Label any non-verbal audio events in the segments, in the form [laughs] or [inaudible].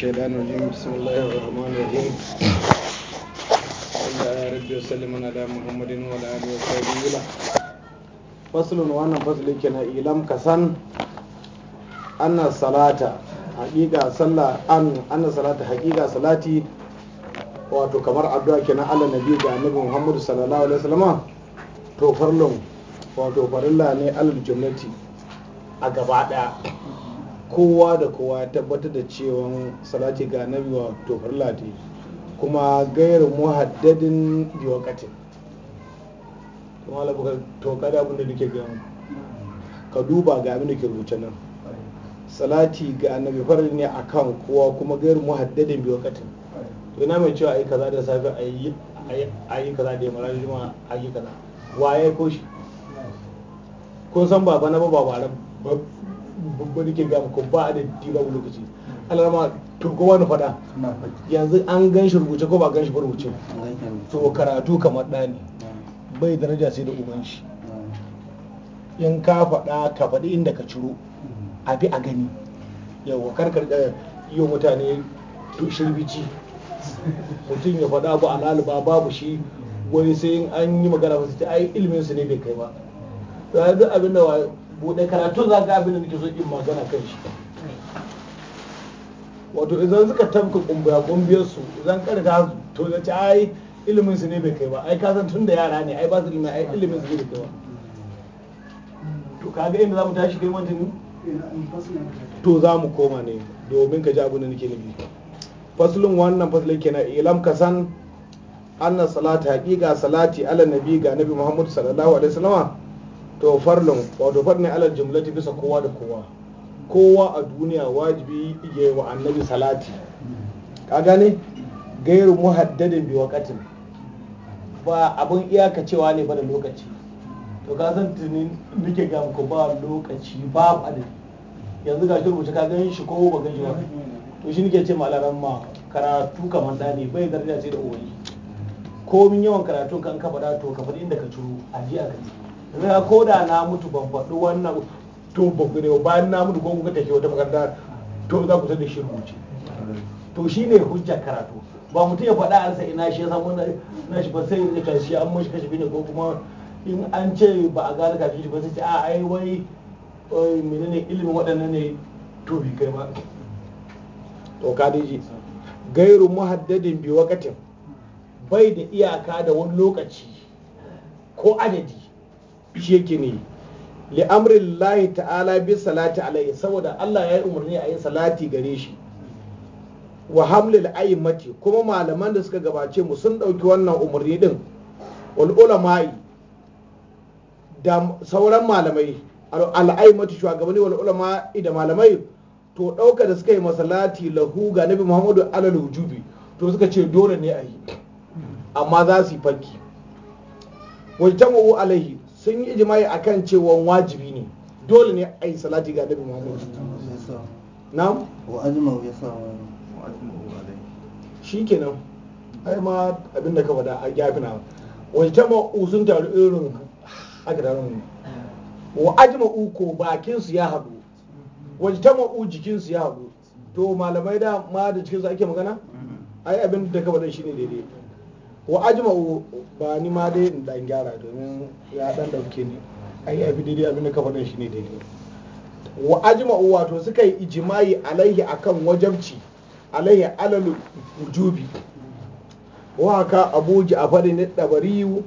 الشيطان الرجيم بسم الله الرحمن الرحيم الله يا ربي وسلم على محمد وعلى اله وصحبه له فصل وانا فصل كنا إلام كسن ان الصلاه حقيقه صلاه ان ان الصلاه حقيقه صلاتي wato kamar addu'a kenan Allah nabi ga annabi Muhammad sallallahu alaihi wasallama to farlon wato farilla ne alal jumlati a gaba daya kowa da kowa ya tabbatar da cewa salati ga nabi wa tofar lati kuma gayar muhaddadin bi wakati kuma la baka to kada abin da nake ga ka duba ga abin da ke rubuce nan salati ga annabi farin ne akan kowa kuma gayar muhaddadin bi wakati to ina mai cewa ai kaza da safe ai ai kaza da yamma juma'a ai kaza waye ko shi kun san baba na ba ba ko ke ga muku ba da diba lokaci Alama to ko wani faɗa yanzu an gan shi rubuce ko ba gan shi ba to karatu kamar ɗa ne bai daraja sai da uban shi in ka faɗa ka faɗi inda ka ciro a bi a gani yau karkar da yi mutane shirbici mutum ya faɗa ba a babu shi wani sai an yi magana ba sai ai ilimin su ne bai kai ba yanzu abin da buɗe karatun za ga abin da nake so in magana kan shi wato idan suka tafka kumbuya kumbiyar su idan karka to da ci ai ilimin su ne bai kai ba ai ka san tun da yara ne ai ba su ilimin ai ilimin su ne bai kai ba to kaga inda za mu tashi kai mantani to za mu koma ne domin ka ji abin da nake nufi faslin wannan faslin kenan ilam ka san anna salata haƙiƙa salati ala nabi ga nabi muhammad sallallahu alaihi wasallama to farlin wato farni alal jumlati bisa kowa da kowa kowa a duniya wajibi ya wa annabi salati ka gane gairu muhaddadin bi katin. ba abun iyaka cewa ne ba da lokaci to ka san tunin nake ga muku ba lokaci ba adadi yanzu ga shi rubuce ka gan shi ko ba gan shi ba to shi nake ce malaran ma karatu kamar dani bai daraja ce da oyi komin yawan karatu kan ka faɗa to ka faɗi inda ka ciro ajiya ka ciro na ko da na mutu ban faɗi wannan to ba ku ne bayan na mutu ko kuka tafi wata makaranta to za ku sani shi rubuce to ne hujja karatu ba mutum ya faɗa alsa ina shi ya samu na shi ba sai ya kashi an mashi kashi ne ko kuma in an ce ba a gane kashi ba sai ce a ah, ai wai menene ilimin waɗannan ne to bi kai ba to ka ji gairu muhaddadin bi wakatin bai da iyaka da wani lokaci ko adadi shi yake ne li amrin lahi ta'ala bi salati alayhi saboda Allah ya yi umarni a yi salati gare shi wa hamlil a'immati kuma malaman da suka gabace mu sun ɗauki wannan umarni din wal ulama'i da sauran malamai al'aimatu shugabanni wal ulama'i da malamai to ɗauka da suka yi masalati lahu ga nabi muhammadu alal wujubi to suka ce dole ne a yi amma za su yi fakki wajen alaihi sun yi a kan cewa wajibi ne dole ne a yi salati ga nabi muhammadu. Na wa ajma'u ya sa wa ajma'u alai shikenan ai ma abin da ka da a gafi na wajta ma sun taru irin aka da rumu wa ajma'u ko bakin su ya haɗu wajta ma jikin su ya haɗu to malamai da ma da cikin su ake magana mm-hmm. ai abin da ka shi ne daidai wa ajma'u ba ni ma dai in dan gyara domin ya dan dauke ni ai abi daidai abin da ka faɗa shi ne daidai wa ajma'u wato suka yi ijma'i alaihi akan wajabci alaihi alal wujubi wa haka abu ja'far ne dabariyu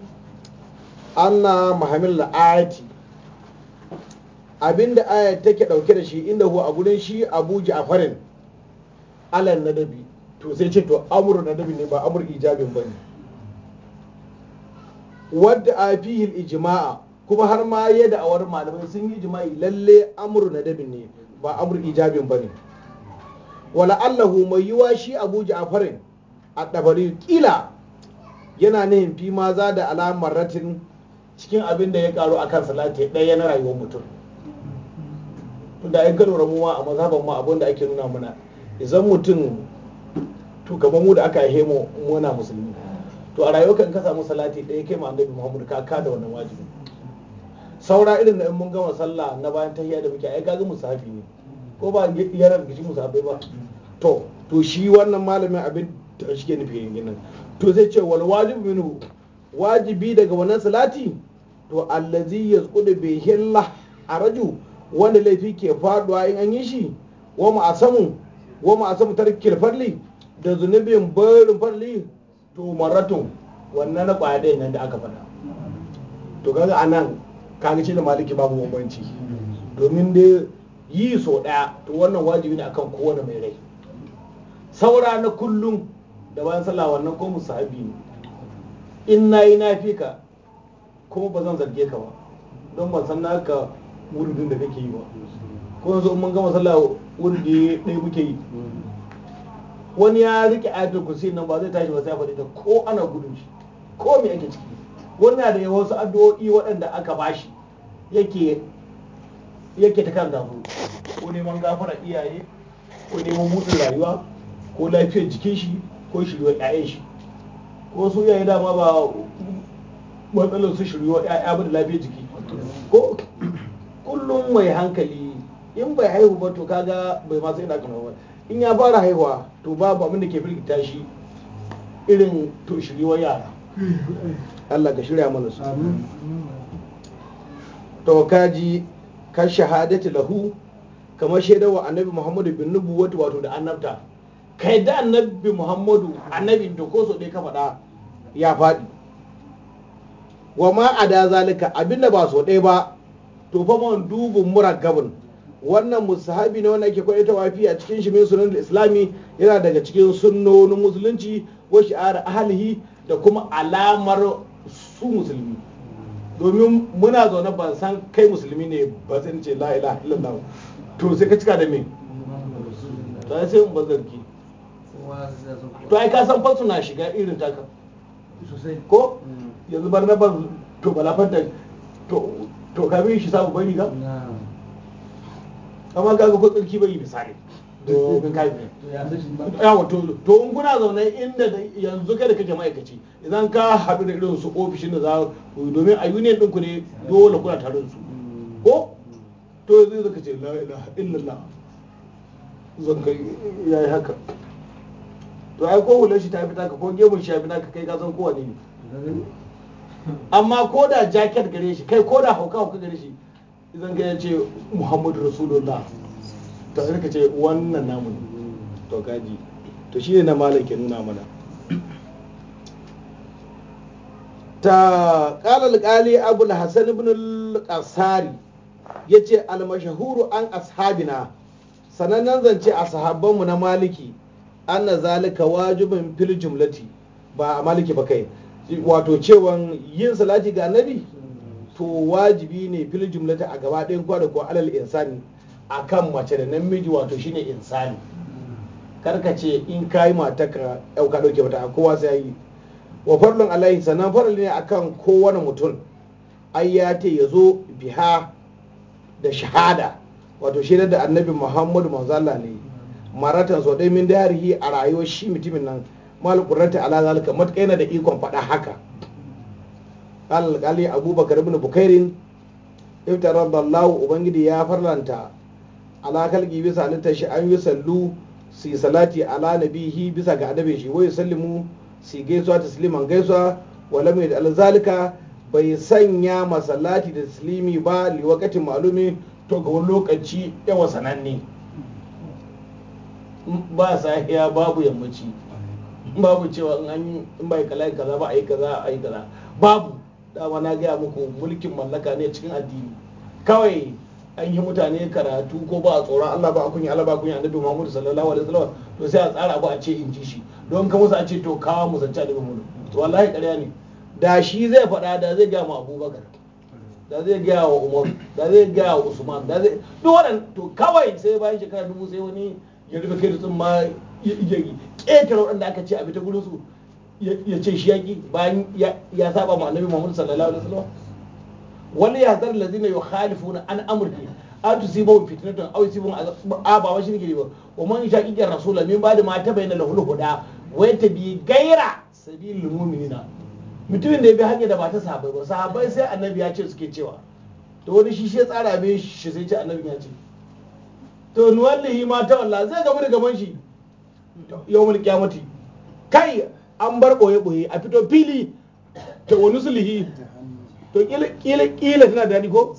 anna muhammad la'ati abinda ayat take dauke da shi inda huwa a gurin shi abu ja'farin alal nadabi to sai ce to amur nadabi ne ba amur ijabin bane wadda a fihil ijima'a kuma har ma ya da'awar malamai sun yi jima'i lalle amur na dabin ne ba amur ijabin ba ne allahu mai yiwa shi abu ja'farin a ɗabari ƙila yana nihin fi ma za da alamar ratin cikin abin da ya karu a kan salati ɗaya na rayuwar mutum Da ya gano ramuwa a mazhaban ma abin da ake nuna mana idan mutum to kamar mu da aka haihe mu muna musulmi to a rayuwa ka samu salati ɗaya kai ma annabi muhammadu ka kada wannan wajibi saura irin na in mun gama sallah na bayan tahiyya da muke ai kaga musafi ne ko ba yana da kishi musafi ba to to shi wannan malamin abin da shi ke nufi yin nan to zai ce wal wajibu minhu wajibi daga wannan salati to allazi yazqudu bi a araju wanda laifi ke faduwa in an yi shi wa mu asamu wa mu asamu tarkil farli da zunubin barin farli to maratun wannan kwaya ɗayan nan da aka fada to kaga a nan kaga ce da maliki babu bambanci domin dai yi so ɗaya to wannan wajibi ne akan kowane mai rai saura na kullum da bayan sallah wannan ko musahabi ne in na yi na fi ka kuma ba zan zarge ka ba don ban san naka wurin da kake yi ba ko yanzu in mun gama sallah wurin da ɗaya muke yi wani ya rike ayatul kursi nan ba zai tashi ba sai faɗi ta ko ana gudun shi ko me yake ciki wannan da wasu addu'o'i waɗanda aka bashi yake yake ta kan gafu ko neman gafara iyaye ko neman mutun rayuwa ko lafiyar jikin shi ko shiryuwar 'ya'yan shi ko su iyaye dama ba matsalar su shiryuwar ƴaƴa ba da lafiyar jiki ko kullum mai hankali in bai haihu ba to kaga bai masu ina kana ba in ya fara haihuwa to babu abin da ke firgita shi irin to shiriwar yara Allah ka shirya mana su to kaji ka shahadati lahu kamar shaidar wa annabi muhammadu bin nubuwatu wato da annabta kai da annabi muhammadu annabi da ko so dai ka faɗa ya faɗi wa ma a da zalika abinda ba so ɗaya ba to fa man dubun muraggabin wannan musahabi ne wanda ake kwaita wafi a cikin shi min sunan islami yana daga cikin sunnonin musulunci wa shi'ar ahlihi da kuma alamar su musulmi domin muna zaune ban san kai musulmi ne ba sai ce la ilaha illallah to sai ka cika da me to sai mun bazarki to ai ka san fa suna shiga irin taka ko yanzu bar na ban to balafar da to to ka bi shi sabu bari ga amma ga ko tsarki bai misali to to in kuna zaune inda yanzu kada kake ma'aikaci idan ka haɗu da irin su ofishin da za domin a union ɗinku ne dole kuna tare da su mm. ko to zai zaka ce la ilaha illallah zan kai yayi haka to ai ko hulashi ta fita ka ko gemun shi ya fita ka kai ka san kowa ne amma ko da jacket gare shi kai ko da hauka hauka gare shi idan ka ce muhammadu rasulullah to sai ka ce wannan namu ne to kaji to shi ne na malam ke nuna mana ta kala alƙali abul hasan ibn al-qasari yace al-mashhuru an ashabina sanannen zance a sahabbanmu na maliki anna zalika wajibin fil jumlati ba a maliki ba kai wato cewan yin salati ga annabi to wajibi ne fil jumlata a gaba ɗayan kwada da alal insani kan mace da namiji wato shine insani karka ce in kayi mata ka ɗauka ɗauke mata a kowa sai yi wa farlon alayhi sannan farlon ne akan kowane mutum ai ya ce ya zo biha da shahada wato shaidar da annabi muhammadu manzala ne maratan so ɗai min darihi a rayuwar shi mutumin nan mal ala zalika yana da ikon faɗa haka قال قال لي أبو بكر بن بكير افتر افترض الله وبنجدي يا فرلانتا على خلقي بس على تشي أن يسلو سي صلاتي على نبيه بس قاعد بيجي ويسلموا سي جيسوا تسليما جيسوا ولم يجعل ذلك bai sanya masalati da taslimi ba liwakatin malumi to ga wani lokaci yawa sananne ba sahiya babu yammaci babu cewa in bai kala kaza ba a yi kaza a yi kaza babu dama na gaya muku mulkin mallaka ne cikin addini kawai an yi mutane karatu ko ba a tsoron Allah ba a kunya Allah ba a kunya annabi Muhammad sallallahu alaihi wasallam to sai a tsara ba a ce in ji shi don ka musu a ce to kawo mu zance annabi Muhammad to wallahi ƙarya ne da shi zai faɗa da zai gaya mu Abubakar da zai gaya wa Umar da zai gaya wa Usman da zai duk waɗannan to kawai sai bayan shekara dubu sai wani ya rufe kai da sun ma ya ƙetare waɗanda aka ce a bi ta gurin su ya ce shi yaƙi bayan ya saba ma annabi Muhammad sallallahu alaihi wasallam wani ya zar lazina na an amurki an tusibu fitnatun aw a ba shi ne ba wa man yashaqiqir rasul min ba'di ma tabayyana lahu al-huda wa bi gaira sabilul mu'minina mutumin da ya bi hanya da ba ta sahabbai ba sahabbai sai annabi ya ce suke cewa to wani shi sai tsara bai shi sai ce annabi ya ce to nuwallihi ma ta wallahi zai gamu da gaban shi yawmul qiyamati kai an bar ɓoye-ɓoye a fito fili ta wani sulhi to ƙila tana daɗi ko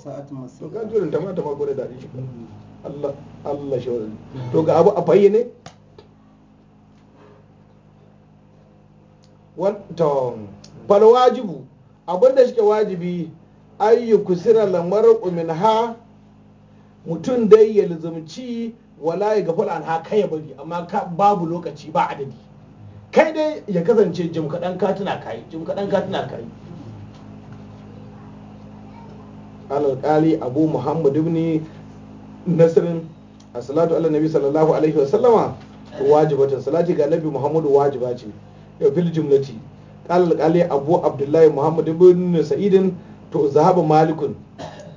to kan turin ta mata mako da daɗi shi Allah Allah shi wani to ga abu a fayyane to fal wajibu abinda shi ke wajibi ayyu kusira lamar umin ha mutum dai ya lizumci wala ya gafala an ha kai ya bari amma babu lokaci ba adadi kai dai ya kasance jim kaɗan ka tuna jim kaɗan ka tuna kayi alƙali abu Muhammadu ibn nasirin a salatu ala nabi sallallahu alaihi wa sallama wajibatun salati ga nabi muhammadu wajiba ce ya eh, fil jimlati. qala alqali abu abdullahi Muhammadu ibn sa'idin to zahaba malikun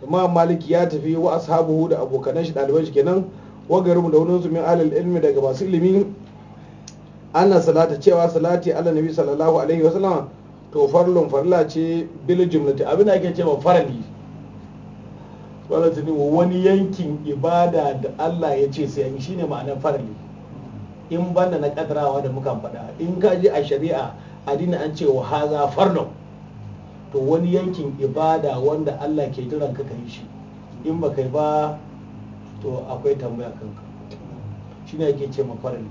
amma maliki ya tafi wa ashabuhu da abokanan shi ɗaliban shi kenan wa garin da wani min alal ilmi daga masu ilimin. nan salata cewa salati ala nabi sallallahu alaihi wa wasallam to farlun farla ce bil jumlati abin ake cewa farali ne wani yankin ibada da Allah ya ce sai shi shine ma'anar farali in banda na kadarawa da muka faɗa in ka ji a shari'a addini an ce wa haza farlun to wani yankin ibada wanda Allah ke jiran ka kai shi in ba kai ba to akwai tambaya kanka shine yake ce ma farali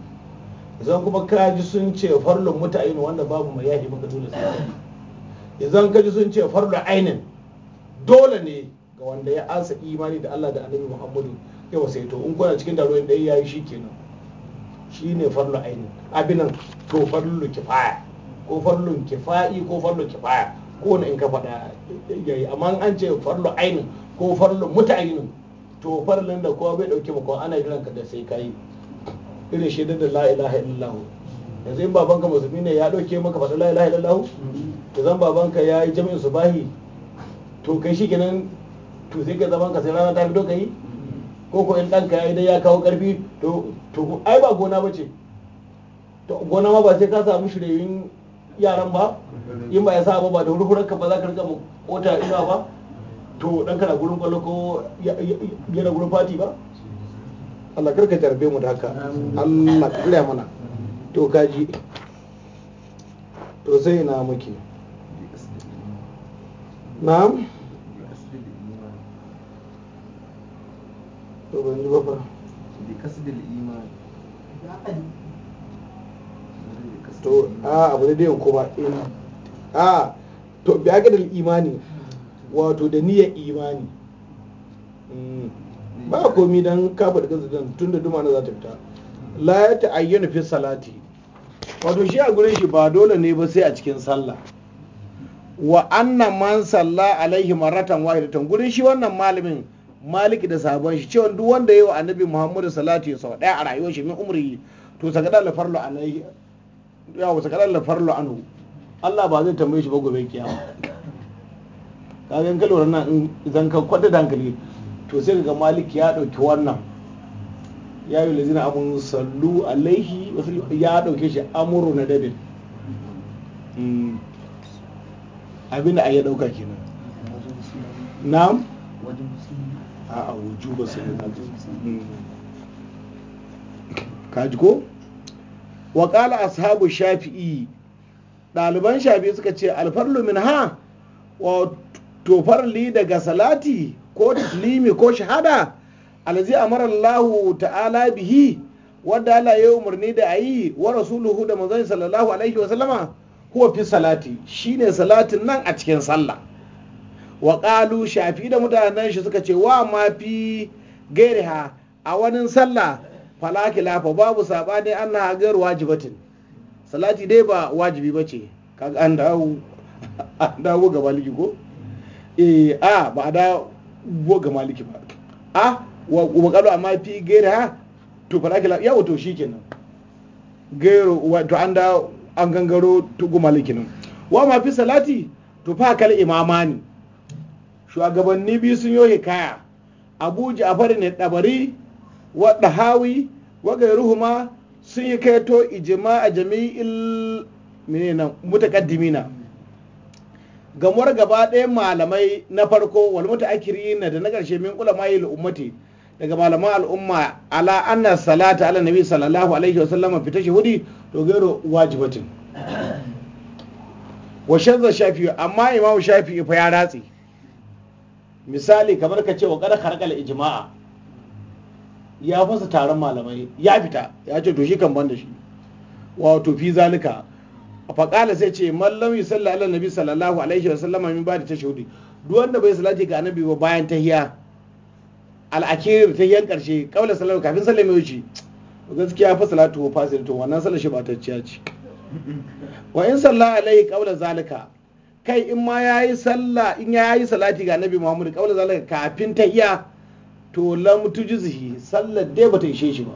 idan kuma ka ji sun ce farlun muta ainihin wanda babu mai yaji maka dole sai idan ka ji sun ce farlun ainihin dole ne ga wanda ya ansa imani da Allah da annabi Muhammadu ya wasai to in kuna cikin daruwan da ya yi shi kenan shi ne farlun ainihin abinan to farlun kifaya ko farlun kifa'i ko farlun kifaya ko wani in ka faɗa yayi amma an ce farlun ainihin ko farlun muta ainihin to farlun da kowa bai dauke ba ko ana jiran ka da sai ka yi irin shaidar da la ilaha illallah yanzu in babanka musulmi ne ya dauke maka faɗa la ilaha illallah da zan babanka ya yi jami'in subahi to kai shi kenan to sai ka zaman ka sai rana ta fito ka yi ko ko in ɗanka ya yi ya kawo ƙarfi to to ai ba gona ba ce to gona ma ba sai ka samu shiryayyun yaran ba in ba ya sa ba ba da hurhurar ka ba za ka rika kota ina ba to ɗanka na gurin kwallo ko yana gurin fati ba Allah karka jarbe mu da haka Allah kalla mana to kaji to sai na muke na'am to ban ji ba fa bi kasdil iman to a abu da dai ko ba in a to bi aqdal imani wato da niyyar imani hmm. ba komi don kafa da kansa tun da dumana za ta fita la ya ta'ayyana fi salati wato shi a gurin shi ba dole ne ba sai a cikin sallah wa anna man salla alaihi maratan wahidatan gurin shi wannan malamin maliki da sabon shi cewa duk wanda yi wa annabi muhammadu salati sau daya a rayuwar shi min umri to sakada da farlo alaihi ya wa Allah ba zai tambaye shi ba gobe kiyama kaga in ka lura nan in zan ka kwada dankali to sai ga malik ya ɗauki wannan ya yi lazina amun sallu alaihi ya ɗauke shi amuru na dabin hmm. abinda a yi ɗauka kenan na'am a a wuju ba su ji ko waƙala a ashabu shafi'i ɗaliban shafi'i suka ce alfarlu min ha wa tofarli daga salati ko tislimi ko shahada alazi amara Allah ta'ala bihi wanda Allah ya umarni da ayi wa rasuluhu da manzon sallallahu alaihi wa sallama huwa fi salati shine salatin nan a cikin sallah wa qalu shafi da mutanen shi suka ce wa ma fi gairiha a wani sallah fala kilafa babu sabani anna gairu wajibatin salati dai ba wajibi bace kaga an dawo [laughs] an dawo gaba liki ko eh a ba da goga maliki ba a wa kalu amma fi ha, to ki ya wato shi kenan gairo wa to an da an gangaro to maliki nan wa ma fi salati to fa kal imamani shugabanni biyu sun yi hikaya abu ja'far ne dabari wa dahawi wa gairuhuma sun yi kaito ijma'a jami'il menene mutaqaddimina gamuwar gaba ɗayan malamai na farko wal na, da na ƙarshe min ulama'il ummati daga malaman al'umma ala anna salata ala nabi sallallahu alaihi wa fita shi tashhudi to gero wajibatin wa shadda shafi amma imamu shafi fa ya ratsi misali kamar ka ce wa kada harkar ijma'a ya fasa taron malamai ya fita ya ce to shi kan ban da shi wato fi zalika faƙala sai ce mallam yi salla ala nabi sallallahu alaihi wa sallama min bada ta tashahudi duk wanda bai salati ga annabi ba bayan tahiya al'akir tahiyan karshe kawla sallama kafin salla mai wuce gaskiya fa salatu fa to wannan sallar shi ba ta ciya ce wa in sallah alaihi kawla zalika kai in ma yayi salla in yayi salati ga annabi Muhammad kawla zalika kafin tahiya to lam tujzihi sallar dai bata ishe shi ba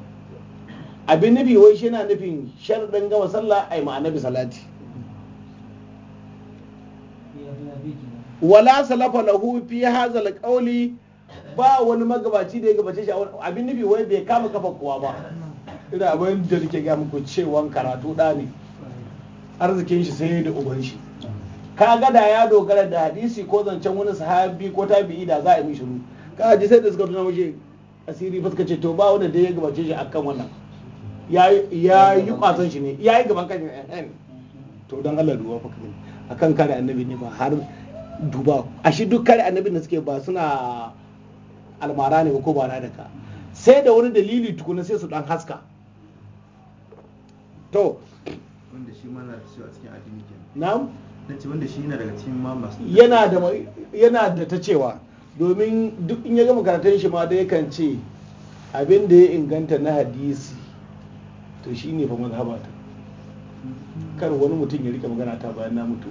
abin nufi wai shi yana nufin sharɗin gama sallah a yi ma'anabi salati wala salafa lahu fi hazal qawli ba wani magabaci da ya gabace shi abin nufi wai bai kama kafa kuwa ba ina abin da nake ga muku cewa karatu da ne arzikin shi sai da uban shi kaga da ya dogara da hadisi ko zancen wani sahabi ko tabi'i da za a yi mishi ka ji sai da suka tuna mishi asiri fuskace to ba wanda da ya gabace shi akan wannan ya yi kwasan shi ne ya yi gaban kan to don Allah duba fa kai akan kare annabi ne ba har duba a shi duk kare annabi da suke ba suna almara ne ko ba da ka sai da wani dalili tukuna sai su dan haska to wanda shi mana da cewa cikin addini kenan na'am ce wanda shi yana daga cikin ma masu yana da yana da ta cewa domin duk in ya gama karatun shi ma da yakan ce abin da ya inganta na hadisi to shi ne fa ta kar wani mutum ya rike magana ta bayan na mutu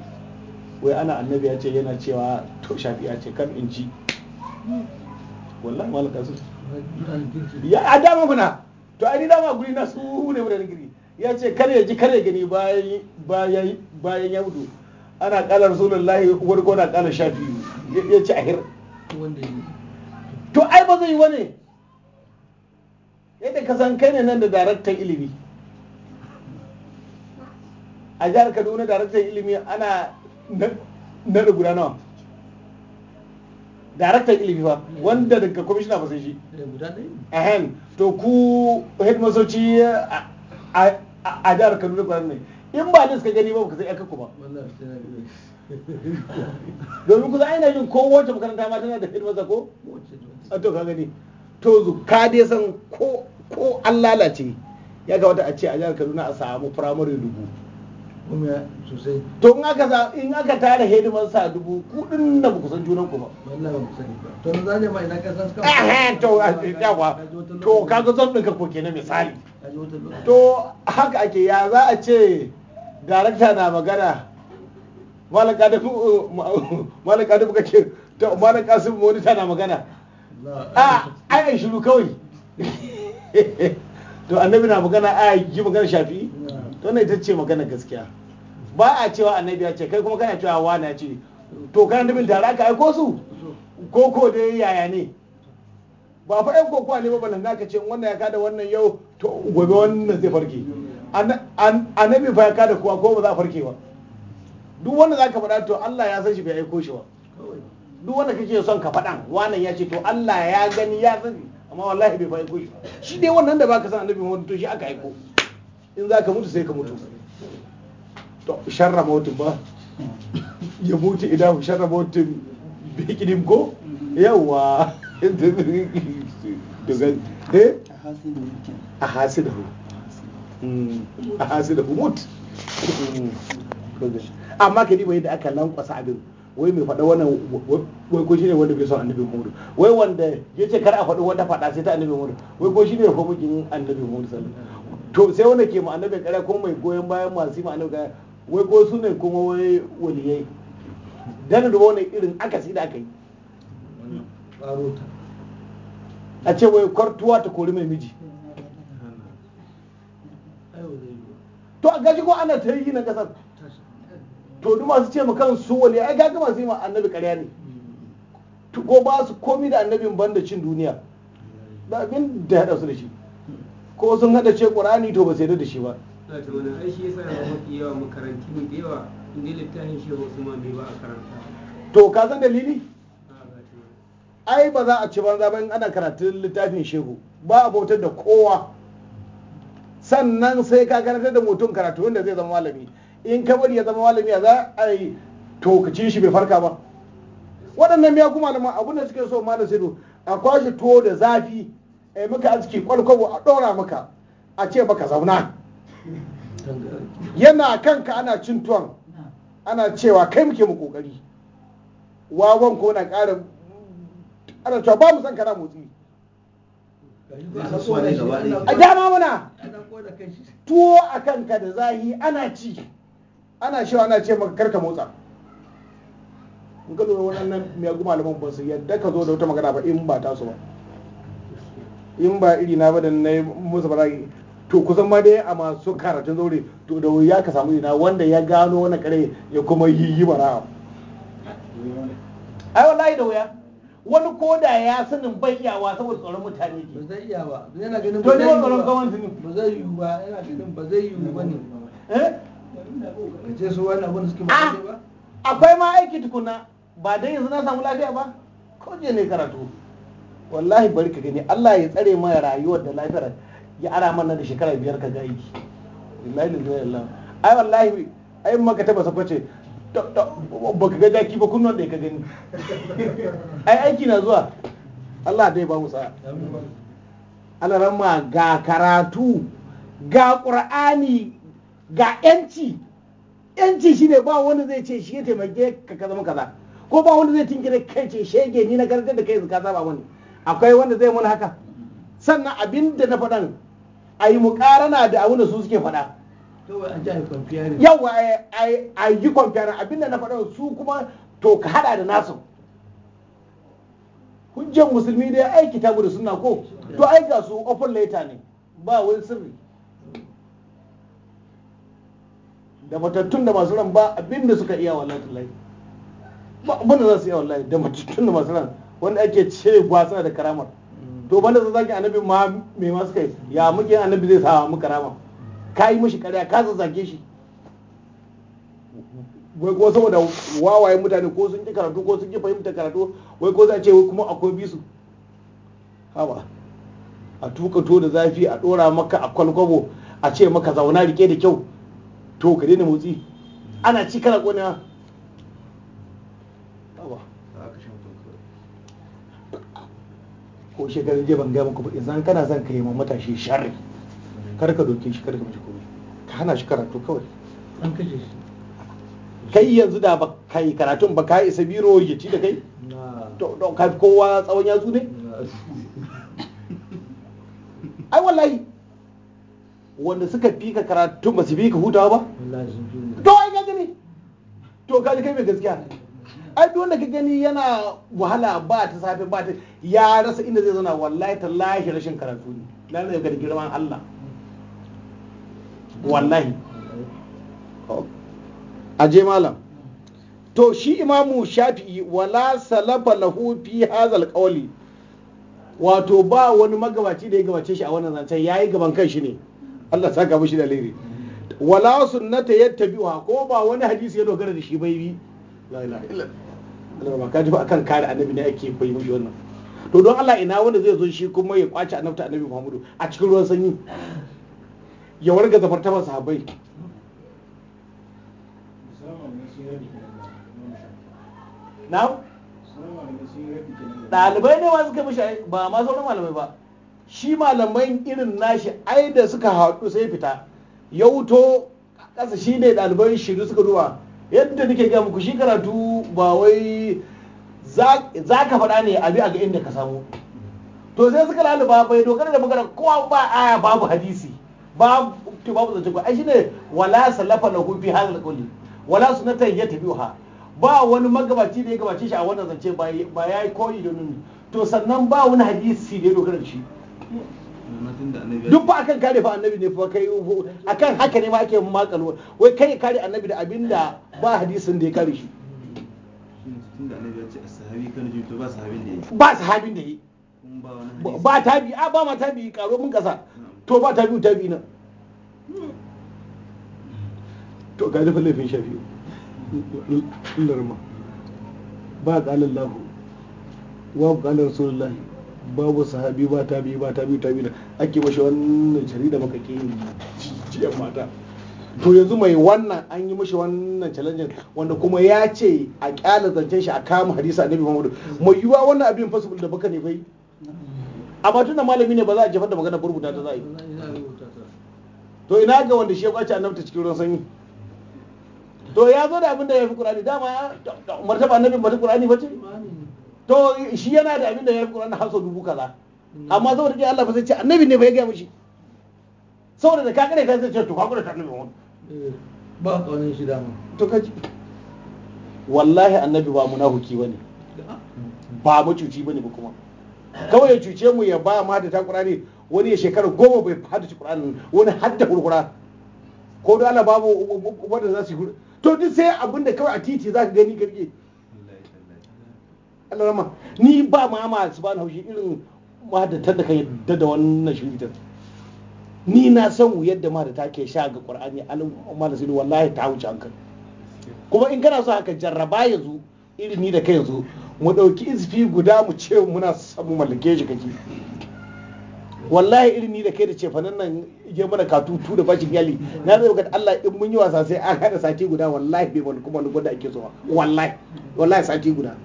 wai ana annabi ya ce yana cewa to shafi'a ce kar in ji wallahi malaka su ya a dama muna to ai dama guri na su ne wurin giri ya ce kar ya ji kar ya gani bayan ya mutu ana kala rasulullahi wani ko na kala shafi ya ce ahir to ai ba zai wani yadda ka san kai ne nan da daraktan ilimi a jihar kaduna daraktan ilimi ana na da guda nawa daraktan ilimi fa wanda daga kwamishina ba sai shi ahem to ku masauci a jihar kaduna guda ne in ba ne suka gani ba ka sai kakku ba domin kusa ainihin kowace makaranta ma tana da headmaster ko a to ka gani to ka dai san ko ko an lalace ya ga wata a ce a jihar kaduna a samu firamare dubu to in aka in aka tara hidimar sa dubu kudin da ba ku san junan ku ba to na zane mai na kasan suka eh to yawa to kaga zon ɗinka ko kenan misali to haka ake ya za a ce darakta na magana malaka da eh, [laughs] malaka da muka ce to malaka sun monita na magana a ai shiru kawai [laughs] to annabi na magana a yi magana shafi to ne ita ce magana gaskiya ba a cewa annabi ya ce kai kuma kana cewa wani ya ce to kana nufin tare aka aiko su ko ko dai yaya ne ba fa ɗan kokowa ne ba balan za ka ce wannan ya kada wannan yau to gobe wannan zai farke annabi fa ya kada kowa ko ba za a farke ba duk wanda za ka faɗa to Allah ya san shi bai aiko shi ba duk wanda kake son ka faɗan wannan ya ce to Allah ya gani ya sani amma wallahi bai faiko shi shi dai wannan da baka san annabi Muhammad to shi aka aiko in za ka mutu sai ka mutu to sharra mutu ba ya mutu idan sharra bi bikinim ko yawa eh? a hasi da hmm. a hasi da mut hmm. amma kadi bai da aka lankwasa abin wai mai faɗa wannan wai ko shine wanda bai son annabi Muhammadu wai wanda yace kar a faɗi wata faɗa sai ta annabi Muhammadu wai ko shine ko mukin annabi Muhammadu sallallahu alaihi wasallam to sai wanda ke mu annabi kare ko mai goyen bayan masu ma annabi kare wai ko su ne kuma wai waliyai dan da wannan irin akasi da aka yi a ce wai kwartuwa ta kori mai miji to a gashi ko ana ta yi na kasar to duk masu ce kan su wani ai kaga masu yi ma annabi ƙarya ne ko ba su komi da annabin banda cin duniya da abin da ya su da shi ko sun hada ce ƙur'ani to ba sai da shi ba ai shi yasa da mafi yawa makaranti mu da yawa inda littafin shi wasu ma bai ba a karanta to ka san dalili ai ba za a ci banza ba in ana karatun littafin shehu ba a bautar da kowa sannan sai ka ganatar da mutum karatu wanda zai zama malami in ka bari ya zama malami a za a yi tokace shi bai farka ba waɗannan ya kuma da abin da suke so ma da sido a kwashe tuwo da zafi a muka arziki kwalkwabo a ɗora maka a ce maka zauna yana kanka ana cin tuwon ana cewa kai muke mu kokari wawan ko na ƙara ana cewa ba mu san kana motsi a dama mana tuwo a kanka da zahi ana ci ana cewa ana ce maka karka motsa in ka nan waɗannan miyagun malaman ba su yadda ka zo da wata magana ba in ba ta su ba in ba iri na ba da na yi musu ba to kusan ma dai a masu karatun zaure to da wuya ka samu ina wanda ya gano wani kare ya kuma yi yi bara ai wallahi da wuya wani koda ya sanin bai iyawa saboda tsoron mutane ke ba zai iya ba ganin ba zai yi ba ba zai yi ba ganin ba zai yi ba ne eh? ce su wani abin da suke ah, ba akwai ma aiki tukuna ba dan yanzu na samu lafiya ba ko je ne karatu wallahi bari ka gani Allah ya tsare mana rayuwar da lafiyar ya ara mana da shekara biyar ka ga aiki wallahi lillahi Allah ai wallahi ai ka taba ba ka ga jaki ba kunnon da ka gani ai aiki na zuwa Allah dai ba mu sa'a alarama ga karatu ga ƙur'ani ga 'yanci yanci ne ba wanda zai ce shi ya taimake ka kaza zama kaza ko ba wanda zai tinkire kai ce shege ni na gargar da kai ka ba wani akwai wanda zai mun haka sannan abin da na faɗan a yi muƙarana da abin da su suke faɗa yawa a yi kwamfiyarin abin da na faɗan su kuma to ka haɗa da nasu hujjan musulmi dai ai kitabu da suna ko to ai ga su open later ne ba wani sirri da matattun da masu ran ba abinda suka iya wallahi tallahi ba abinda za su iya wallahi da matattun da masu ran wanda ake cire gwasa da karamar to banda za zaki annabi ma me ma suka yi ya muke annabi zai sa mu karama ka yi mishi karya ka zazzage shi wai ko saboda wawaye mutane ko sun ki karatu ko sun ki fahimta karatu wai ko za a ce kuma akwai bisu haba a tuka to da zafi a dora maka a kwalkwabo a ce maka zauna rike da kyau to ka daina motsi ana ci kana kona ko shekarun jiya ban gaya muku ba idan kana zan ka yi ma matashi sharri kar ka doke shi kar ka mashi komai ka hana shi karatu kawai an kashe shi kai yanzu da ba kai karatun ba ka isa biro ya ci da kai to don ka kowa tsawon yatsu ne ai wallahi wanda suka fi ka karatu ba su fi ka hutawa ba to ai ka gani to ka ji kai mai gaskiya ai duk wanda ka gani yana wahala ba ta safe ba ta ya rasa inda zai zauna wallahi lahi rashin karatu ne Na lalle ga girman Allah wallahi aje malam to shi imamu shafi'i wala salafa lahu fi hazal qawli wato ba wani magabaci da ya gabace shi a wannan zancen yayi gaban kan shi ne Allah saka mishi da alheri wala sunnata yattabi'uha ko ba wani hadisi ya dogara da shi bai bi la ilaha illallah Allah ba ka ji ba akan kare annabi ne ake koyi mishi wannan to don Allah ina wanda zai zo shi kuma ya kwace annabta annabi Muhammadu a cikin ruwan sanyi ya warga zafar ta sahabbai na ɗalibai ne ma suka mishi ba ma sauran malamai ba shi malamai irin nashi ai da suka haɗu sai fita ya wuto ƙasa shi ne ɗaliban shiru suka duba yadda nake gaya muku shi karatu ba wai za ka faɗa ne abi a ga inda ka samu to sai suka laluba bai dokar da magana kowa ba aya babu hadisi babu babu zance ko ai ne wala salafa lahu har hadal qawli wala sunnata ha, ba wani magabaci da ya gabace shi a wannan zance ba ya yi koyi da nuni to sannan ba wani hadisi da ya dogara da shi duk fa akan kare fa annabi ne fa kai akan haka ne ma ake makalo wai kai kare annabi da abinda ba hadisin da ya kare shi ba sahabin da yi ba tabi a ba ma tabi karo mun kasa to ba tabi tabi na to ga dafa laifin shafi'u ba qala Allah wa qala Rasulullah babu sahabi ba tabi ba tabi biyu da ake mashi wannan shari da maka ke jiyan mata to yanzu mai wannan an yi mashi wannan challenge wanda kuma ya ce a kyala zancen shi a kama hadisa annabi Muhammadu mai wa wannan abin possible da baka ne bai amma tunda malami ne ba za a jefar da magana burbuta ta za a yi to ina ga wanda shi ya kwace annabta cikin ruwan sanyi to ya zo da abin da ya fi kurani dama martaba annabi ba kurani ba ce to shi yana da abin da ya fi Qur'ani har sau dubu kaza mm. amma saboda dai Allah ba zai ce annabi ne ba ya gaya mishi saboda da ka kare ka zai ce to ka ta annabi wani eh, ba kaunin shi dama to kaji wallahi annabi ba munafiki bane ah. ba macuci bane ba kuma kawai ya cuce mu ya ba ma da ta Qur'ani wani ya shekara goma bai haddace Qur'ani wani hadda kurkura ko da Allah babu wanda za su yi to duk sai abinda kawai a titi za ka gani karke alama ni ba ma ma su ba na haushi irin ma da ka yadda da wannan shiritan ni na san ma da ta ke sha ga qur'ani alama da sai wallahi ta wuce hankali kuma in kana so haka jarraba yanzu irin ni da kai yanzu mu ɗauki izfi guda mu ce muna samu mallake shi kake wallahi irin ni da kai da ce fa nan ya mana katutu da bashin yali na zai lokacin Allah in mun yi wasa sai an hada sati guda wallahi bai kuma wani gwada ake so wallahi wallahi sati guda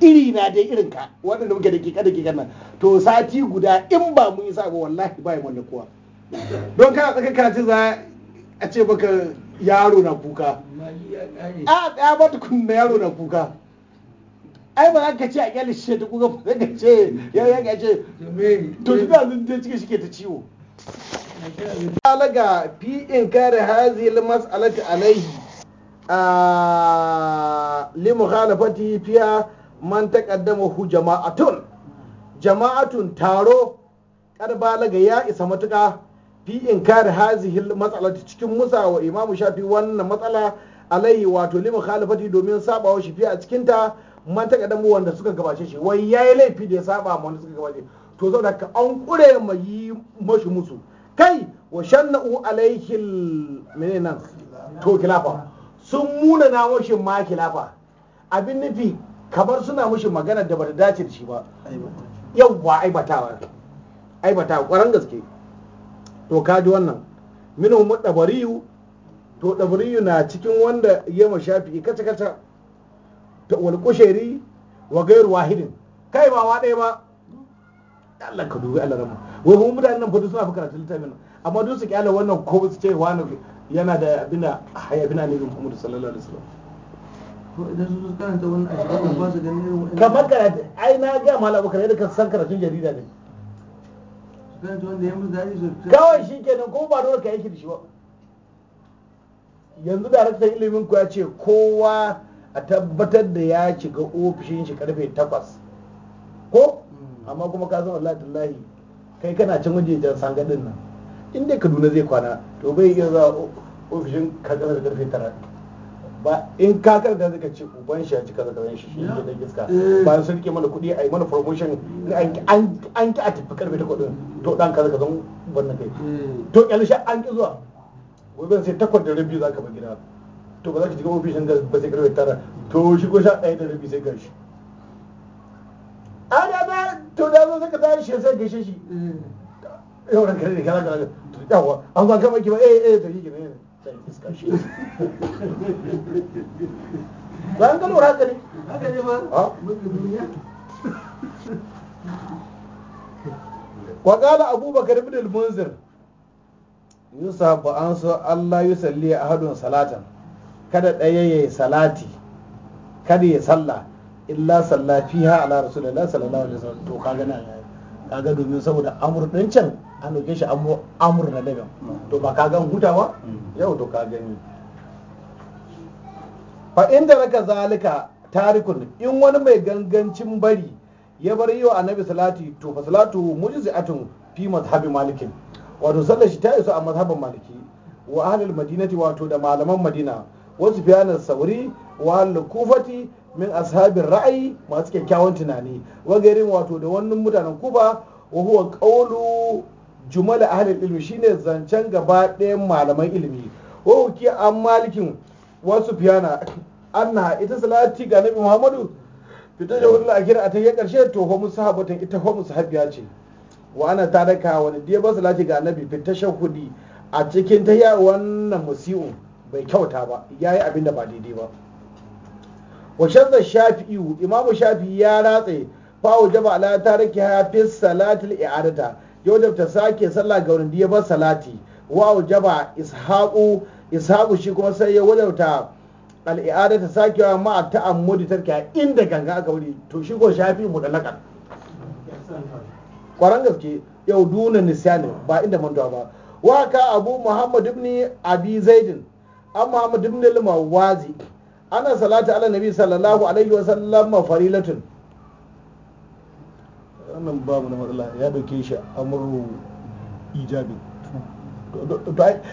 iri na dai irin ka waɗanda muke da kika da kika nan to sati guda in ba mun yi sa ba wallahi ba ya kowa don kana tsaka karatu za a ce baka yaro na kuka a ya ba tukun da yaro na kuka ai ba za ka ce a kyale shi ta kuka ba ka ce ya ya ka ce to shi da zun ta cike shi ke ta ciwo alaga fi in kare hazil mas'alati alaihi a limu mukhalafati fiya man ta taqaddamahu jama'atun jama'atun taro karbalaga ya isa matuka fi inkari hazihi matsalati cikin musa wa imamu shafi wannan matsala alaihi wato lima khalifati domin sabawa shi fi a cikinta man ta taqaddamu wanda suka gabace shi wai yayi laifi da ya saba ma wanda suka gabace to saboda ka an kure ma yi mashi musu kai wa shanna'u alaihil menene nan to kilafa sun muna na mashi ma kilafa abin nufi kamar suna mushi magana da bata dace da shi ba ba. aibatawa aibatawa kwaran gaske to kaji wannan mu dabariyu to dabariyu na cikin wanda ya ma shafi kaca kaca ta wani kusheri wa gairu wahidin kai ba waɗai ba Allah ka dubi Allah ramu wai kuma mutanen nan fa suna fi karatu littafin amma duk su kyala wannan ko su ce wani yana da abin da hayabina ne ga Muhammadu sallallahu alaihi wasallam kamar karatu ai na ga malam abubakar yadda ka san karatun jarida ne kawai shi kenan ko ba dole ka yake da shi ba yanzu da daraktan ilimin ku ya ce kowa a tabbatar da ya shiga ofishin shi karfe takwas ko hmm. amma kuma ka san wallahi tallahi kai kana can wajejen sangadin nan inda kaduna zai kwana to bai iya zuwa ofishin da karfe tara. ba in ka karanta zaka ce uban shi ya ci kaza kaza shi shi ne dan ba su rike mana kuɗi ai mana promotion an an ki a tafi karbe ta kuɗin to dan kaza kaza na kai hmm. to shi an ki zuwa zan sai takwas da rabi zaka ba gida to ba za ka shiga ofishin da ba sai karbe tara to shi ko sha ɗaya da rabi sai gashi a da ba to da zo zaka tayar shi sai gashi shi hmm. yau ran kare ne kala-kala kana to yawa an zo an kama ki ba eh eh da shi ne san iska shi ba an kalura haka ne haka ne ba wa qala abubakar ibn al-munzir yusa ba an so Allah yusalli ahadun salatan kada ɗaya ya yi salati kada ya sallah illa sallafiha ala rasulullah sallallahu alaihi wasallam to kaga nan kaga domin saboda amur din can an ɗauke shi amur na daga mm. to ba ka gan huta ba mm. yau to ka gani fa inda raka zalika tarikun in wani mai gangancin bari ya bar yi wa annabi salati to fa salatu mujzi'atun fi mazhabi malikin wato sallar shi ta iso a mazhabin maliki wa ahlul madinati wato da malaman madina wasu sufyan sauri wa ahlul kufati min ashabin ra'ayi masu kyakkyawan tunani wa wato da wannan mutanen kuba, wa huwa qawlu jumala halin ilmi shine zancen gaba ɗayan malaman ilimi wa ki an malikin wasu fiyana anna ita salati ga nabi muhammadu fitar da wani akira a ta karshe to ho musahabatan ita ho musahabiya ce wa ana ta daka wani diya ba salati ga nabi fitar kuɗi a cikin ta yi wannan musi'un bai kyauta ba ya yi abin ba daidai ba wa shanzar shafi'u imamu Shafi'u ya ratse fa wajaba ala tariki hafiz salatul i'adata yau ta sake sallah ga wurin diya ba salati wa jaba ishaqu ishaqu shi kuma sai ya wadauta al'ada ta sakewa ma a ta'ammudi tarkiya inda ganga aka wuri to shi ko shafi mudalakan kwaran gaske yau duna nisyanin ba inda mantuwa ba ka abu muhammad ibn abi zaidin an muhammad ibn al-mawazi ana salatu ala nabi sallallahu alaihi wa sallam farilatun wannan babu na matsala ya dauke shi amru ijabi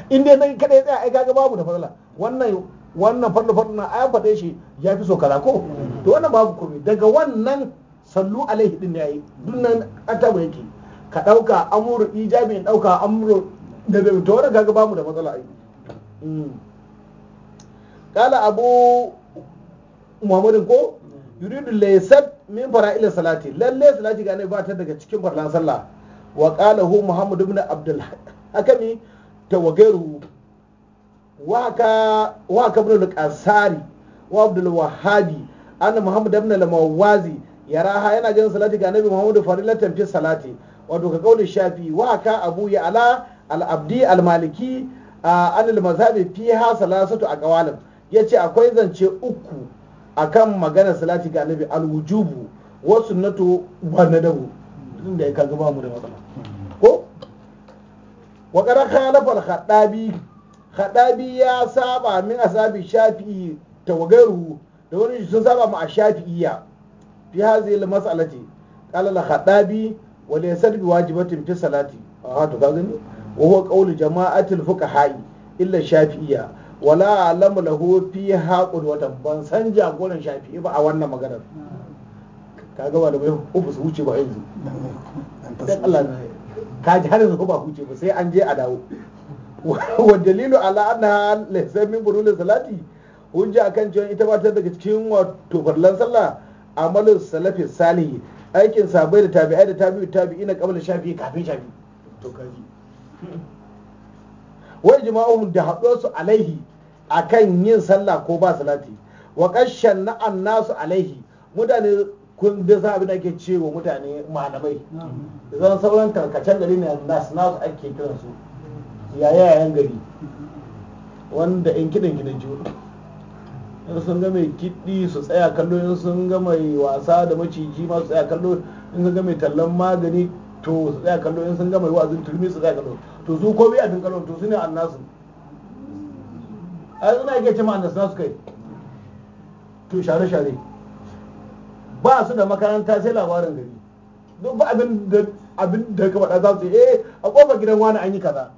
inda dai nan kada ya tsaya ai kaga babu da matsala wannan wannan fardu fardu na ayan faɗe shi ya fi so kaza ko to wannan babu komai daga wannan sallu alaihi din yayi dunnan atabu yake ka dauka amru ijabi in dauka amru da da to wannan kaga babu da matsala ai hmm. kala abu muhammadin ko yuridu laysat min fara'ilin salati lalle salati gane ba ta daga cikin farlan sallah wa qala hu muhammad ibn abdul hakami ta wa ka wa ka ibn al-qasari wa abdul wahabi anna muhammad ibn al-mawazi yaraha yana ganin salati ga nabi muhammad farilatan fi salati wato ka kaulin shafi wa ka abu ya ala al-abdi al-maliki an al-mazhabi fiha salasatu aqwalin yace akwai zance uku akan magana salati ga annabi alwujubu wa sunnatu wa nadabu din da ya kaga ba mu da matsala ko wa qad khalafa al-khadabi khadabi ya saba min asabi shafi'i tawagaru da wani sun saba mu a shafi'iyya fi hadhihi al-mas'alati qala al-khadabi wa laysa bi wajibatin fi salati a to ka gani wa huwa qawlu jama'atil fuqaha'i illa shafi'iyya wala alamu lahu fi haƙul wa ban san jagoran shafi'i ba a wannan maganar kaga ba da bai hufu su huce ba yanzu ka ji har yanzu ba huce ba sai an je a dawo [laughs] wa dalilu ala anna laysa min burul salati hujja akan cewa ita ba ta daga cikin wato farlan sallah amalin salafi salih aikin sabai da tabi'ai da tabi'u tabi'ina qabla shafi'i kafin shafi'i to kaji wa jima'un da haɗuwarsu alaihi akan yin sallah ko ba salati wa kashan na annasu alaihi mutane kun da za abin ake ce cewa mutane malamai zan sauran karkacen gari ne nasu nasu ake kiran su yayin gari wanda in kiɗan gidan jiwo in sun ga mai kiɗi su tsaya kallo in sun ga mai wasa da maciji ma su tsaya kallo in sun ga mai tallan magani to su tsaya kallo in sun ga mai wazin turmi su tsaya kallo to su ko a tun kallo to su ne annasu har ina iya ce da suna suka yi to share-share ba su da makaranta sai labarin gari duk ba abin da abin da ka faɗa za su eh a kofar gidan wani an yi kaza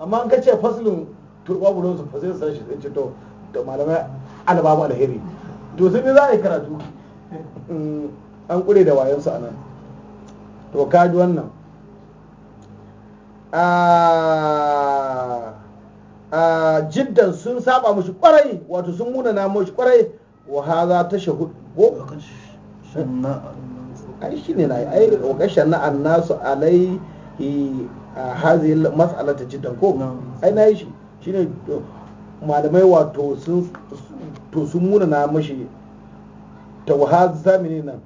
amma an kace fasulun turba bulon su fasulun san shi sai ce to da malamai albabu alheri to sun za a yi karatu hmm, an kure da wayansu anan to kaji wannan a ah, a jiddan sun saba mushi kwarai wato sun muna na mushi kwarai wa haza ta shahud ko ai shi ne na yi ai wakashan na annasu alai hazi mas'ala ta jiddan ko ai na yi shi shi ne malamai wato sun to sun muna na mushi ta wa haza mene nan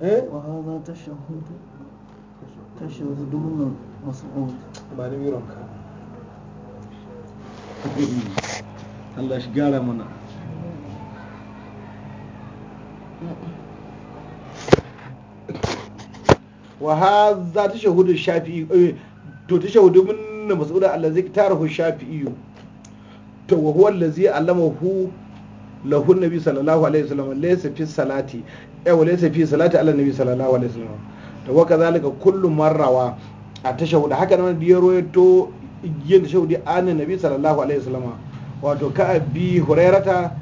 eh wa haza ta shahud ta shahud dun mas'ud ba da yironka [laughs] Allah shi gara mana wa hadha tashahhudu shafi'i eh, to tashahhudu min mas'ud allazi tarahu shafi'i to wa huwa alama hu lahun nabi sallallahu alaihi wasallam laysa fi salati eh, wa laysa fi salati Allah nabi sallallahu alaihi wasallam to waka zalika kullum marrawa a shahudu, haka nan da ya royato igiyar shaudi shaudi anin nabi sallallahu alaihi wasallama wato ka abi hurairata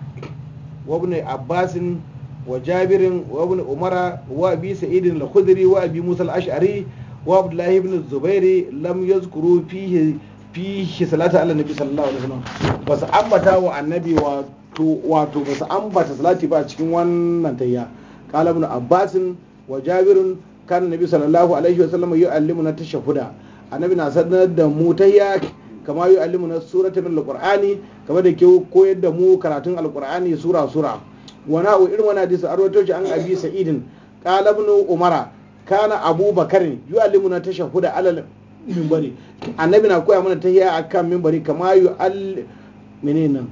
wa ibn abbasin wa jabirin wa ibn umara wa abi sa'idin al-khudri wa abi musa al-ash'ari wa abdullahi ibn zubairi lam yazkuru fihi fihi salata ala nabi sallallahu alaihi wasallam basu ambata wa annabi wato wato basu ambata salati ba cikin wannan tayya qala ibn abbasin wa jabirin kan nabi sallallahu alaihi wasallam yu'allimuna tashahhuda annabi na sanar da mu ta tahiyya kama yi alimu na surata min kama da ke koyar da mu karatun alqur'ani sura sura wani abu irin wani hadisi arwatoci an abi sa'idin qala umara kana abubakar alimu na shahuda alal mimbari annabi na koya mana a kan minbari kama yu al nan?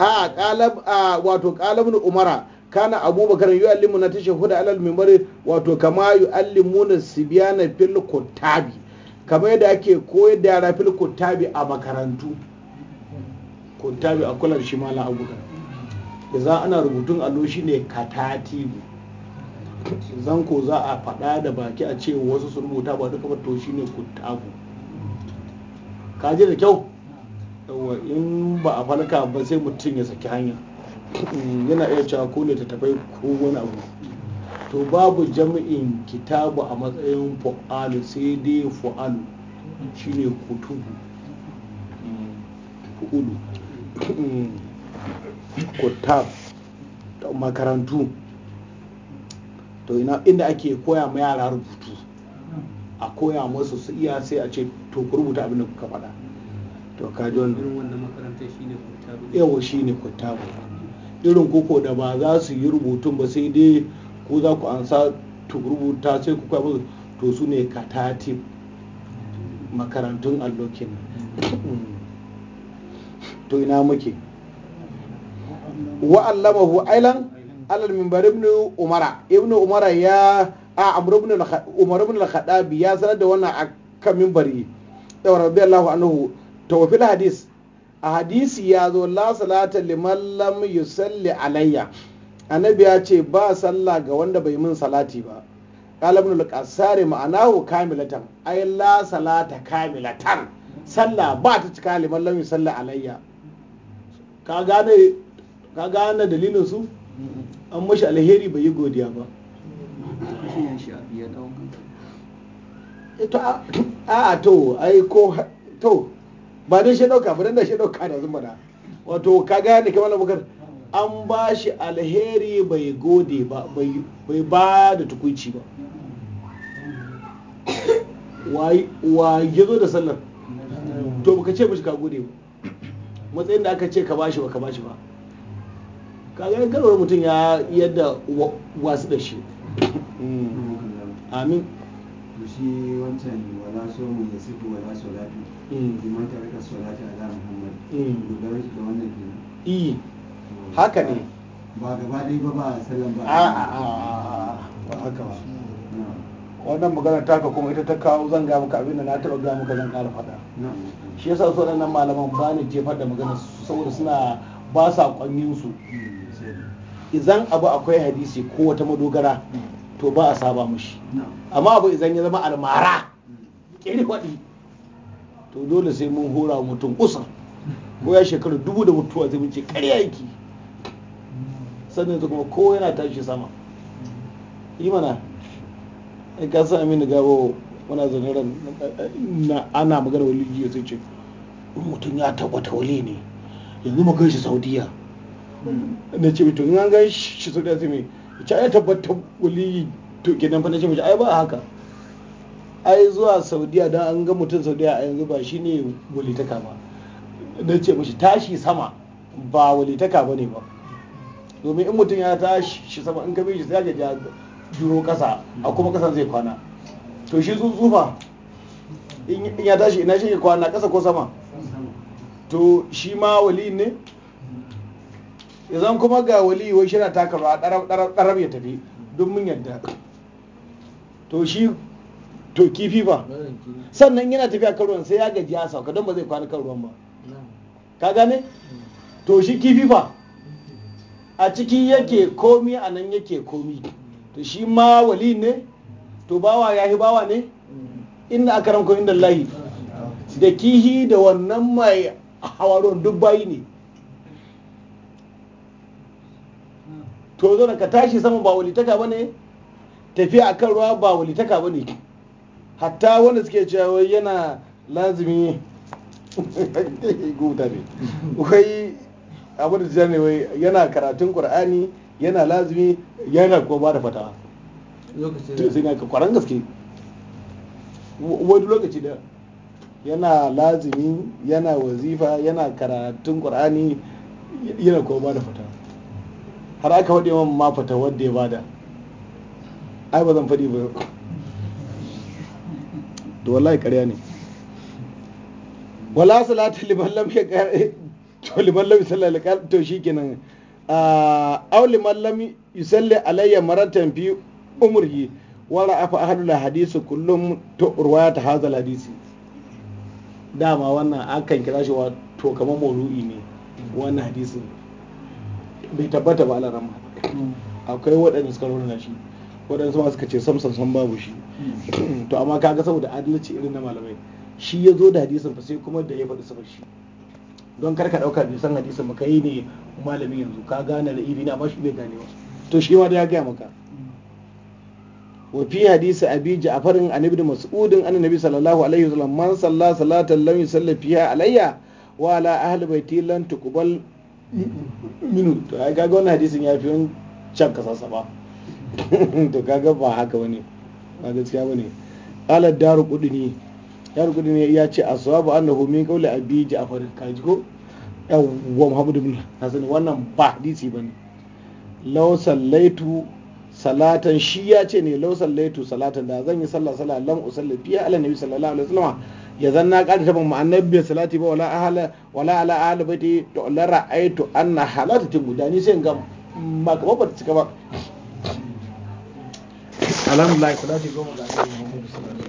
a qalab wato qalabun umara kana abubakar tashi tashahhuda alal minbari wato kama na sibiyana fil kuntabi. kamar yadda ake koyar da yara fil kuntabi a makarantu kuntabi a kular shi mala abubakar za ana rubutun allo shi shine katatibu zan ko za a faɗa da baki a ce wasu su rubuta ba duka ba to ne kutabu ka ji da kyau in ba a falka ba sai mutum ya saki hanya yana iya cewa ko tafai ko wani abu to babu jami'in kitabu a matsayin fu'alu sai dai fu'alu shine kutubu kudu kutab makarantu to ina inda ake koya ma yara rubutu a koya masu su iya sai a ce to ku rubuta abin da kuka faɗa to ne ji wannan yawa shine kutabu irin koko da ba za su yi rubutun ba sai dai ko za ku ansa tu rubuta sai ku kwa to su ne katati makarantun allokin. to ina muke wa allamahu ailan alal mimbar ibn umara ibn umara ya a umar ibn al khadabi ya sanar da wannan akan mimbari da radiyallahu anhu tawfil hadis a hadisi ya zo la salata liman lam yusalli alayya annabi ya ce ba sallah ga wanda bai min salati ba qala ibn al qasari ma'anahu kamilatan ay la salata kamilatan sallah ba ta cika liman lam yusalli alayya ka gane ka gane dalilin su an mashi alheri bai yi godiya ba eh, to a to ai ko to ba dai shi dauka ba dan da shi dauka da zuma da wato ka gane kamar abubakar an ba shi alheri bai gode ba bai ba da tukunci ba wa ya zo da sallar to baka ce mishi ka gode ba matsayin da aka ce ka bashi ba ka bashi ba kaga yan kalmar mutum ya yadda wasu da shi mm. amin to shi wancan wala mu ya sifu wala salatu liman mm. taraka salata ala muhammad mm. dogara shi da wannan kenan eh haka ne ba gaba ɗaya ba ba sallan ba a a ba haka ba wannan magana taka kuma ita ta kawo zan ga maka abin da na taɓa ga maka zan ƙara faɗa shi yasa su nan malaman ba ni jefar da magana saboda suna ba sa ƙwanyin su mm, idan abu akwai hadisi ko wata madogara to ba a saba mushi amma abu idan ya zama almara kiri faɗi to dole sai mun hura mutum kusa. ko ya shekaru dubu da mutuwa zai ce karya yake sannan kuma ko yana tashi sama yi mana in ka san aminu gabo wana na, ana magana wani jiya sai ce mutum ya taɓa tawali ne yanzu mu gan shi saudiya hmm. na ce to in an gan shi saudiya sai mai ce ai tabbatar waliyi to kenan fa na ce mace ai ba haka ai zuwa saudiya dan an ga mutum saudiya a yanzu ba shine walitaka ba na ce mashi tashi sama ba walitaka ba ne ba domin in mutum ya tashi sama in ka bi shi sai ya ja juro kasa a kuma kasan zai kwana to shi tsuntsufa in ya tashi ina shi kwana kasa ko sama to shi ma wali ne idan kuma ga wali wai shi na taka ruwa ɗarab ya tafi don mun yadda to shi to kifi ba sannan yana tafiya kan ruwan sai ya gaji ya sauka don ba zai kwana kan ruwan ba ka gane to shi kifi ba a ciki yake komi a nan yake komi to shi ma wali ne to bawa ya yi bawa ne inda aka ranko inda lahi da kihi da wannan mai hawaron duk bayi ne to zo ka tashi sama ba walitaka ba ne tafiya a kan ruwa ba walitaka ba ne hatta wanda suke cewa yana lazimi [laughs] guta ne wai abin da ta ne wai yana karatun ƙur'ani yana lazimi yana kuma ba da fatawa lokacin sai na kwaran gaske wani lokaci da yana lazimi yana wazifa yana karatun ƙur'ani yana kuma ba da fatawa har aka faɗi man ma fata wanda ya bada ai ba zan faɗi ba to wallahi ƙarya ne wala salatu liman lam ya to liman lam yusalli alqal to shikenan aw liman lam yusalli alayya maratan fi umri wa ra'afa ahlul hadisu kullum to ruwayat hadha hadisi dama wannan akan kira shi wa to kamar maudu'i ne wannan hadisin bai tabbata ba ala ma. Hmm. akwai waɗanda suka rauna shi waɗansu ma suka ce samson san babu shi hmm. to amma kaga saboda adalci irin na malamai shi ya zo da hadisin fa sai kuma da ya faɗi sabar shi don kar ka ɗauka bai san hadisin ba kai ne malami yanzu ka gane da ibi na amma shi bai gane ba to shi ma da ya gaya maka hmm. wa fi hadisi abi ja'farin an ibn mas'udin an nabi sallallahu alaihi wasallam man sallah, salatan lam yusalli fiha alayya wa ala ahli baiti lan minut to ai kaga wannan hadisin ya fi wani can ka ba [laughs] to kaga ba haka wani ba gaskiya bane qala daru qudni daru qudni ya ce aswabu annahu min qawli abi ja'far kaji ko yawwa muhammad ibn hasan wannan ba hadisi bane law sallaitu salatan shi ya ce ne law sallaitu salatan da zan yi sallah sallah lam usalli fiya ala nabi sallallahu alaihi wasallam ya zanna ƙari ta ban annabi salati ba wala ahala wala ala ahli baiti to la ra'aytu anna halatu gudani sai ga makaba ba ta cika ba alhamdulillah salati goma ga